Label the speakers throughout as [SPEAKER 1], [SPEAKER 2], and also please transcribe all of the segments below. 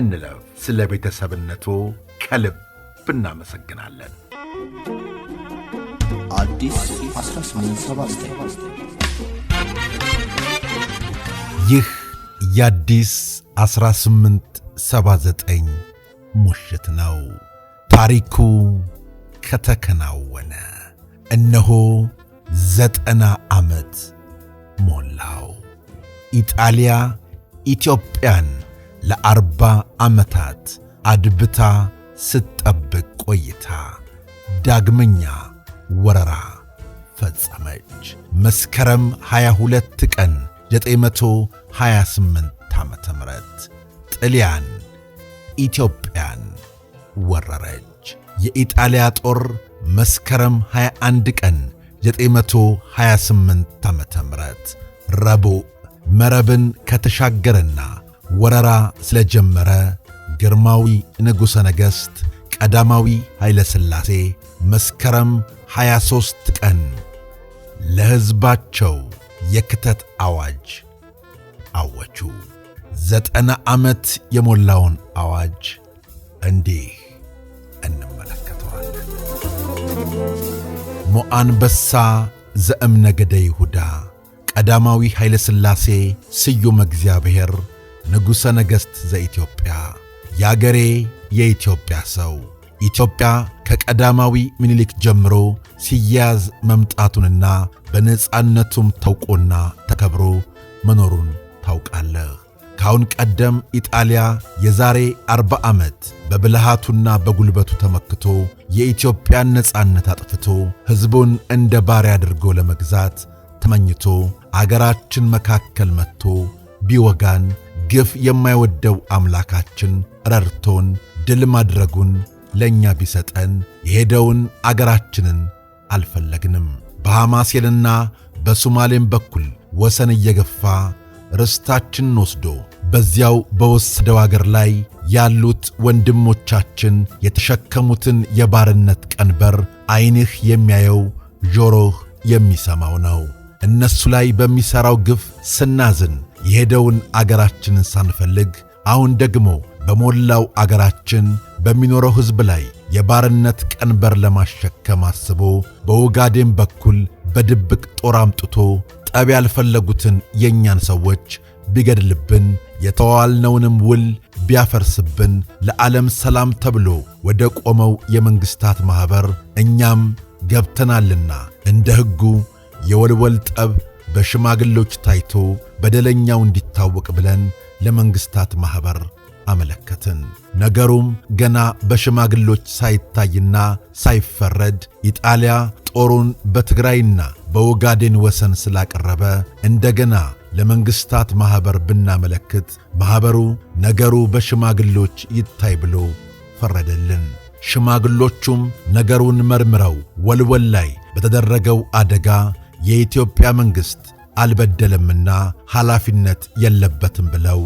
[SPEAKER 1] እንለፍ። ስለ ቤተሰብነቱ ከልብ እናመሰግናለን። ይህ የአዲስ 1879 ሙሽት ነው። ታሪኩ ከተከናወነ እነሆ ዘጠና ዓመት ሞላው። ኢጣሊያ ኢትዮጵያን ለአርባ ዓመታት አድብታ ስትጠብቅ ቆይታ ዳግመኛ ወረራ ፈጸመች። መስከረም 22 ቀን 928 ዓ ም ጥልያን ኢትዮጵያን ወረረች። የኢጣሊያ ጦር መስከረም 21 ቀን 928 ዓ ም ረቡዕ መረብን ከተሻገረና ወረራ ስለጀመረ ግርማዊ ንጉሠ ነገሥት ቀዳማዊ ኃይለ ሥላሴ መስከረም 23 ቀን ለሕዝባቸው የክተት አዋጅ አወጁ። ዘጠና ዓመት የሞላውን አዋጅ እንዲህ እንመለከተዋለን። ሞአንበሳ ዘእምነገደ ይሁዳ ቀዳማዊ ኃይለ ሥላሴ ስዩም እግዚአብሔር ንጉሠ ነገሥት ዘኢትዮጵያ የአገሬ የኢትዮጵያ ሰው ኢትዮጵያ ከቀዳማዊ ምኒልክ ጀምሮ ሲያያዝ መምጣቱንና በነፃነቱም ታውቆና ተከብሮ መኖሩን ታውቃለህ። ካሁን ቀደም ኢጣሊያ የዛሬ አርባ ዓመት በብልሃቱና በጉልበቱ ተመክቶ የኢትዮጵያን ነፃነት አጥፍቶ ሕዝቡን እንደ ባሪያ አድርጎ ለመግዛት ተመኝቶ አገራችን መካከል መጥቶ ቢወጋን ግፍ የማይወደው አምላካችን ረድቶን ድል ማድረጉን ለእኛ ቢሰጠን የሄደውን አገራችንን አልፈለግንም። በሐማሴንና በሱማሌም በኩል ወሰን እየገፋ ርስታችንን ወስዶ በዚያው በወሰደው አገር ላይ ያሉት ወንድሞቻችን የተሸከሙትን የባርነት ቀንበር ዐይንህ የሚያየው ጆሮህ የሚሰማው ነው። እነሱ ላይ በሚሠራው ግፍ ስናዝን የሄደውን አገራችንን ሳንፈልግ አሁን ደግሞ በሞላው አገራችን በሚኖረው ሕዝብ ላይ የባርነት ቀንበር ለማሸከም አስቦ በኦጋዴን በኩል በድብቅ ጦር አምጥቶ ጠብ ያልፈለጉትን የእኛን ሰዎች ቢገድልብን የተዋልነውንም ውል ቢያፈርስብን ለዓለም ሰላም ተብሎ ወደ ቆመው የመንግሥታት ማኅበር እኛም ገብተናልና እንደ ሕጉ የወልወል ጠብ በሽማግሎች ታይቶ በደለኛው እንዲታወቅ ብለን ለመንግሥታት ማኅበር አመለከትን። ነገሩም ገና በሽማግሎች ሳይታይና ሳይፈረድ ኢጣሊያ ጦሩን በትግራይና በኦጋዴን ወሰን ስላቀረበ እንደገና ለመንግሥታት ማኅበር ብናመለክት ማኅበሩ ነገሩ በሽማግሎች ይታይ ብሎ ፈረደልን። ሽማግሎቹም ነገሩን መርምረው ወልወል ላይ በተደረገው አደጋ የኢትዮጵያ መንግሥት አልበደለምና ኃላፊነት የለበትም ብለው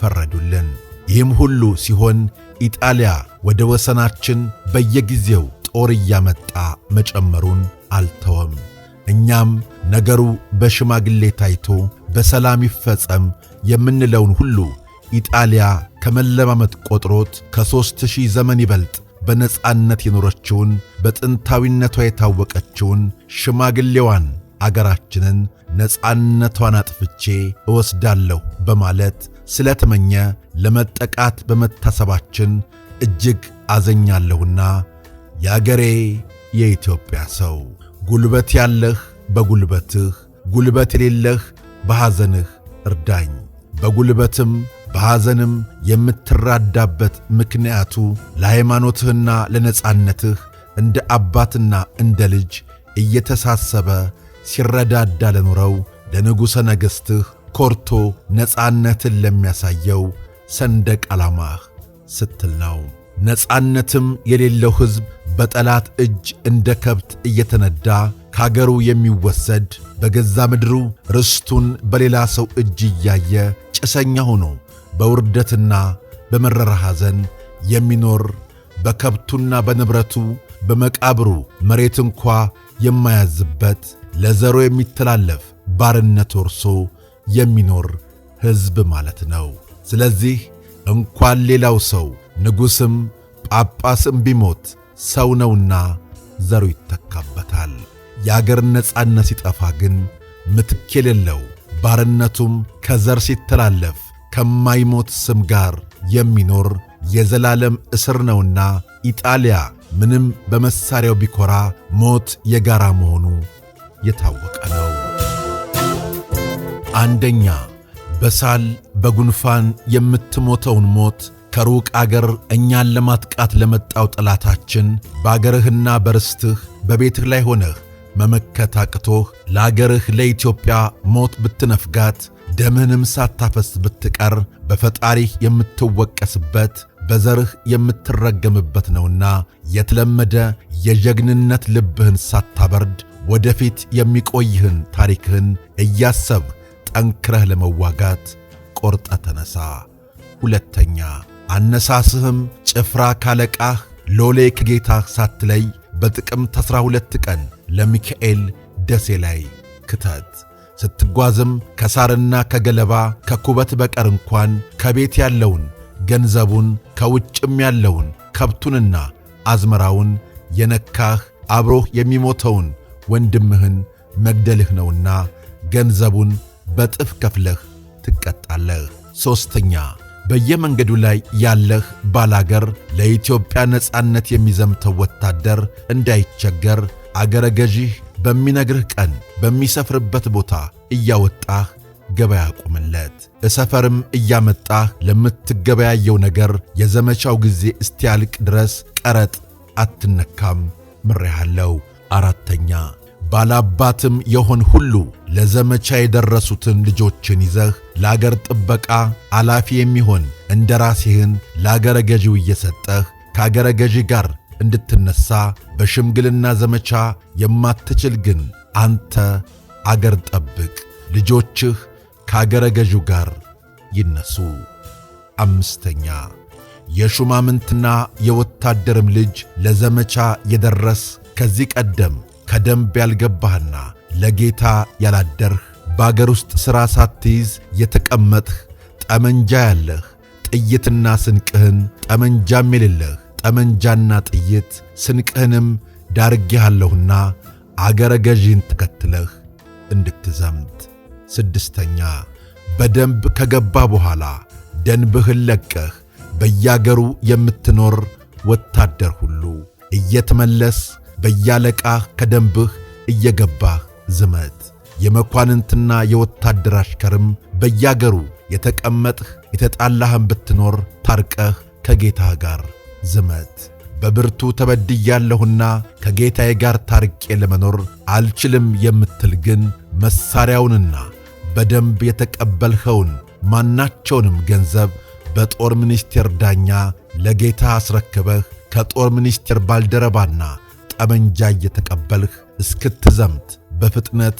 [SPEAKER 1] ፈረዱልን። ይህም ሁሉ ሲሆን ኢጣሊያ ወደ ወሰናችን በየጊዜው ጦር እያመጣ መጨመሩን አልተወም። እኛም ነገሩ በሽማግሌ ታይቶ በሰላም ይፈጸም የምንለውን ሁሉ ኢጣሊያ ከመለማመጥ ቆጥሮት ከሦስት ሺህ ዘመን ይበልጥ በነጻነት የኖረችውን በጥንታዊነቷ የታወቀችውን ሽማግሌዋን አገራችንን ነፃነቷን አጥፍቼ እወስዳለሁ በማለት ስለተመኘ ለመጠቃት በመታሰባችን እጅግ አዘኛለሁና የአገሬ የኢትዮጵያ ሰው ጉልበት ያለህ በጉልበትህ፣ ጉልበት የሌለህ በሐዘንህ እርዳኝ። በጉልበትም በሐዘንም የምትራዳበት ምክንያቱ ለሃይማኖትህና ለነፃነትህ እንደ አባትና እንደ ልጅ እየተሳሰበ ሲረዳዳ ለኖረው ለንጉሠ ነገሥትህ ኮርቶ ነፃነትን ለሚያሳየው ሰንደቅ ዓላማህ ስትል ነው። ነፃነትም የሌለው ሕዝብ በጠላት እጅ እንደ ከብት እየተነዳ ከአገሩ የሚወሰድ በገዛ ምድሩ ርስቱን በሌላ ሰው እጅ እያየ ጭሰኛ ሆኖ በውርደትና በመረረ ሐዘን የሚኖር በከብቱና በንብረቱ በመቃብሩ መሬት እንኳ የማያዝበት ለዘሮ የሚተላለፍ ባርነት ወርሶ የሚኖር ሕዝብ ማለት ነው። ስለዚህ እንኳን ሌላው ሰው ንጉሥም ጳጳስም ቢሞት ሰው ነውና ዘሩ ይተካበታል። የአገር ነጻነት ሲጠፋ ግን ምትክ የሌለው ባርነቱም ከዘር ሲተላለፍ ከማይሞት ስም ጋር የሚኖር የዘላለም እስር ነውና ኢጣሊያ ምንም በመሳሪያው ቢኮራ ሞት የጋራ መሆኑ የታወቀ ነው። አንደኛ በሳል በጉንፋን የምትሞተውን ሞት ከሩቅ አገር እኛን ለማጥቃት ለመጣው ጠላታችን በአገርህና በርስትህ በቤትህ ላይ ሆነህ መመከት አቅቶህ ለአገርህ ለኢትዮጵያ ሞት ብትነፍጋት ደምህንም ሳታፈስ ብትቀር በፈጣሪህ የምትወቀስበት በዘርህ የምትረገምበት ነውና የተለመደ የጀግንነት ልብህን ሳታበርድ ወደፊት የሚቆይህን ታሪክህን እያሰብ ጠንክረህ ለመዋጋት ቆርጠ ተነሳ። ሁለተኛ አነሳስህም ጭፍራ ካለቃህ ሎሌ ከጌታህ ሳትለይ በጥቅምት 12 ቀን ለሚካኤል ደሴ ላይ ክተት። ስትጓዝም ከሳርና ከገለባ ከኩበት በቀር እንኳን ከቤት ያለውን ገንዘቡን ከውጭም ያለውን ከብቱንና አዝመራውን የነካህ አብሮህ የሚሞተውን ወንድምህን መግደልህ ነውና ገንዘቡን በጥፍ ከፍለህ ትቀጣለህ። ሦስተኛ በየመንገዱ ላይ ያለህ ባላገር ለኢትዮጵያ ነፃነት የሚዘምተው ወታደር እንዳይቸገር አገረ ገዢህ በሚነግርህ ቀን በሚሰፍርበት ቦታ እያወጣህ ገበያ አቁምለት። እሰፈርም እያመጣህ ለምትገበያየው ነገር የዘመቻው ጊዜ እስቲያልቅ ድረስ ቀረጥ አትነካም። ምሬሃለሁ። አራተኛ ባላባትም የሆን ሁሉ ለዘመቻ የደረሱትን ልጆችን ይዘህ ለአገር ጥበቃ አላፊ የሚሆን እንደ ራሴህን ለአገረ ገዢው እየሰጠህ ከአገረ ገዢ ጋር እንድትነሣ በሽምግልና ዘመቻ የማትችል ግን አንተ አገር ጠብቅ። ልጆችህ ከአገረ ገዢው ጋር ይነሱ። አምስተኛ የሹማምንትና የወታደርም ልጅ ለዘመቻ የደረስ ከዚህ ቀደም ከደንብ ያልገባህና ለጌታ ያላደርህ በአገር ውስጥ ሥራ ሳትይዝ የተቀመጥህ ጠመንጃ ያለህ ጥይትና ስንቅህን ጠመንጃም የሌለህ ጠመንጃና ጥይት ስንቅህንም ዳርጌሃለሁና አገረ ገዢን ተከትለህ እንድትዘምት። ስድስተኛ በደንብ ከገባ በኋላ ደንብህን ለቀህ በያገሩ የምትኖር ወታደር ሁሉ እየተመለስ በያለቃህ ከደንብህ እየገባህ ዝመት። የመኳንንትና የወታደር አሽከርም በያገሩ የተቀመጥህ የተጣላህም ብትኖር ታርቀህ ከጌታህ ጋር ዝመት። በብርቱ ተበድያለሁና ከጌታዬ ጋር ታርቄ ለመኖር አልችልም የምትል ግን መሣሪያውንና በደንብ የተቀበልኸውን ማናቸውንም ገንዘብ በጦር ሚኒስቴር ዳኛ ለጌታ አስረክበህ ከጦር ሚኒስቴር ባልደረባና ጠመንጃ እየተቀበልህ እስክትዘምት በፍጥነት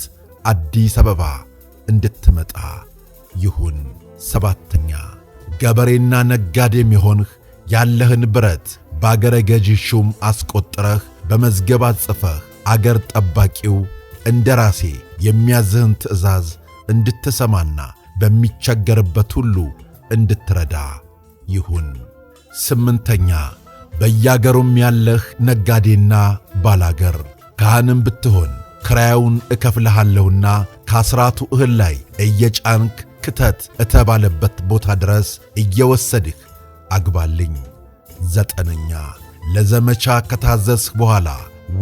[SPEAKER 1] አዲስ አበባ እንድትመጣ ይሁን። ሰባተኛ ገበሬና ነጋዴም የሆንህ ያለህን ብረት በአገረ ገዢ ሹም አስቆጥረህ በመዝገብ አጽፈህ አገር ጠባቂው እንደ ራሴ የሚያዝህን ትእዛዝ እንድትሰማና በሚቸገርበት ሁሉ እንድትረዳ ይሁን። ስምንተኛ በያገሩም ያለህ ነጋዴና ባላገር ካህንም ብትሆን ክራዩን እከፍልሃለሁና ከአስራቱ እህል ላይ እየጫንክ ክተት እተባለበት ቦታ ድረስ እየወሰድህ አግባልኝ። ዘጠነኛ ለዘመቻ ከታዘዝህ በኋላ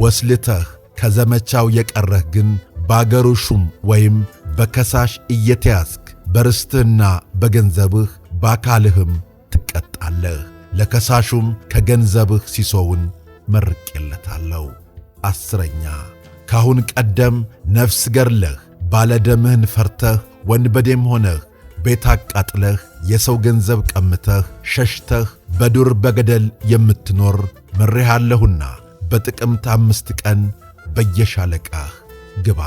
[SPEAKER 1] ወስልተህ ከዘመቻው የቀረህ ግን በአገሩ ሹም ወይም በከሳሽ እየተያዝክ በርስትህና በገንዘብህ በአካልህም ትቀጣለህ። ለከሳሹም ከገንዘብህ ሲሶውን መርቄለታለሁ። አስረኛ ካሁን ቀደም ነፍስ ገርለህ ባለደምህን ፈርተህ ወንበዴም ሆነህ ቤት አቃጥለህ የሰው ገንዘብ ቀምተህ ሸሽተህ በዱር በገደል የምትኖር ምሬሃለሁና በጥቅምት አምስት ቀን በየሻለቃህ ግባ።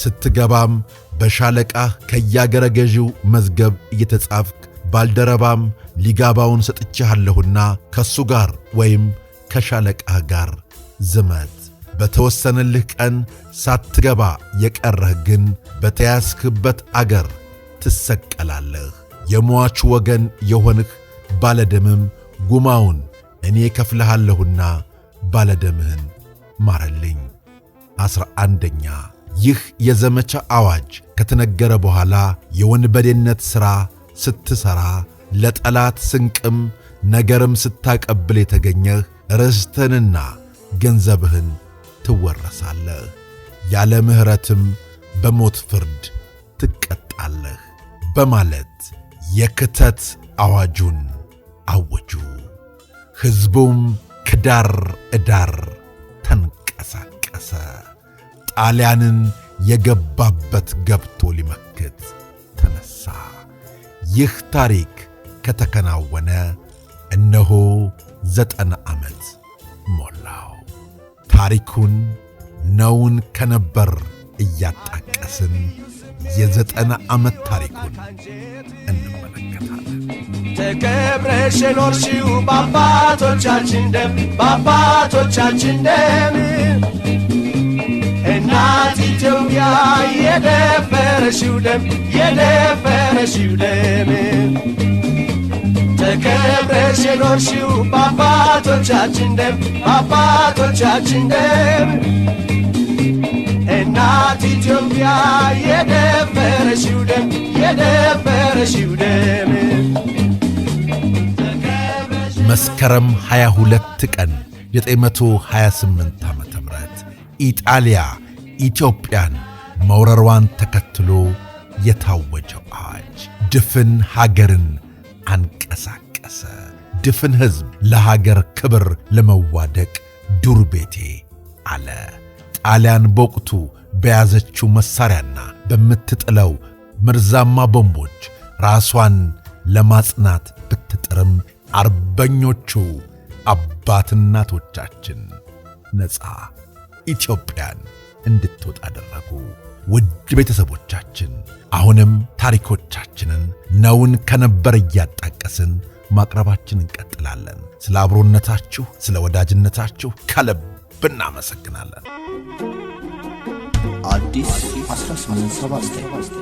[SPEAKER 1] ስትገባም በሻለቃህ ከያገረ ገዢው መዝገብ እየተጻፍክ ባልደረባም ሊጋባውን ሰጥቼሃለሁና ከሱ ጋር ወይም ከሻለቃህ ጋር ዝመት። በተወሰነልህ ቀን ሳትገባ የቀረህ ግን በተያዝክበት አገር ትሰቀላለህ። የሟቹ ወገን የሆንህ ባለደምም ጉማውን እኔ ከፍልሃለሁና ባለደምህን ማረልኝ። ዐሥራ አንደኛ ይህ የዘመቻ አዋጅ ከተነገረ በኋላ የወንበዴነት ሥራ ስትሠራ፣ ለጠላት ስንቅም ነገርም ስታቀብል የተገኘህ ርስትህንና ገንዘብህን ትወረሳለህ። ያለ ምሕረትም በሞት ፍርድ ትቀጣለህ በማለት የክተት አዋጁን አወጁ። ሕዝቡም ከዳር እዳር ተንቀሳቀሰ። ጣሊያንን የገባበት ገብቶ ሊመክት ተነሳ ይህ ታሪክ ከተከናወነ እነሆ ዘጠና ዓመት ሞላው። ታሪኩን ነውን ከነበር እያጣቀስን የዘጠና ዓመት ታሪኩን እንመለከታለን። ተከብረሽ የኖርሽው በአባቶቻችን ደም በአባቶቻችን ደም እናት ኢትዮጵያ የደፈረሽው ደም የደፈረሽው ደም ተከብረሽ የኖርሽው በአባቶቻችን ደም በአባቶቻችን ደም እናት ኢትዮጵያ የደፈረሽው ደም የደፈረሽው ደም መስከረም 22 ቀን 928 ዓ.ም ኢጣሊያ ኢትዮጵያን መውረሯን ተከትሎ የታወጀው አዋጅ ድፍን ሀገርን አንቀሳቀሰ። ድፍን ሕዝብ ለሀገር ክብር ለመዋደቅ ዱር ቤቴ አለ። ጣሊያን በወቅቱ በያዘችው መሣሪያና በምትጥለው መርዛማ ቦምቦች ራሷን ለማጽናት ብትጥርም አርበኞቹ አባት እናቶቻችን ኢትዮጵያን እንድትወጣ አደረጉ። ውድ ቤተሰቦቻችን አሁንም ታሪኮቻችንን ነውን ከነበር እያጣቀስን ማቅረባችን እንቀጥላለን። ስለ አብሮነታችሁ፣ ስለ ወዳጅነታችሁ ከልብ እናመሰግናለን። አዲስ 1879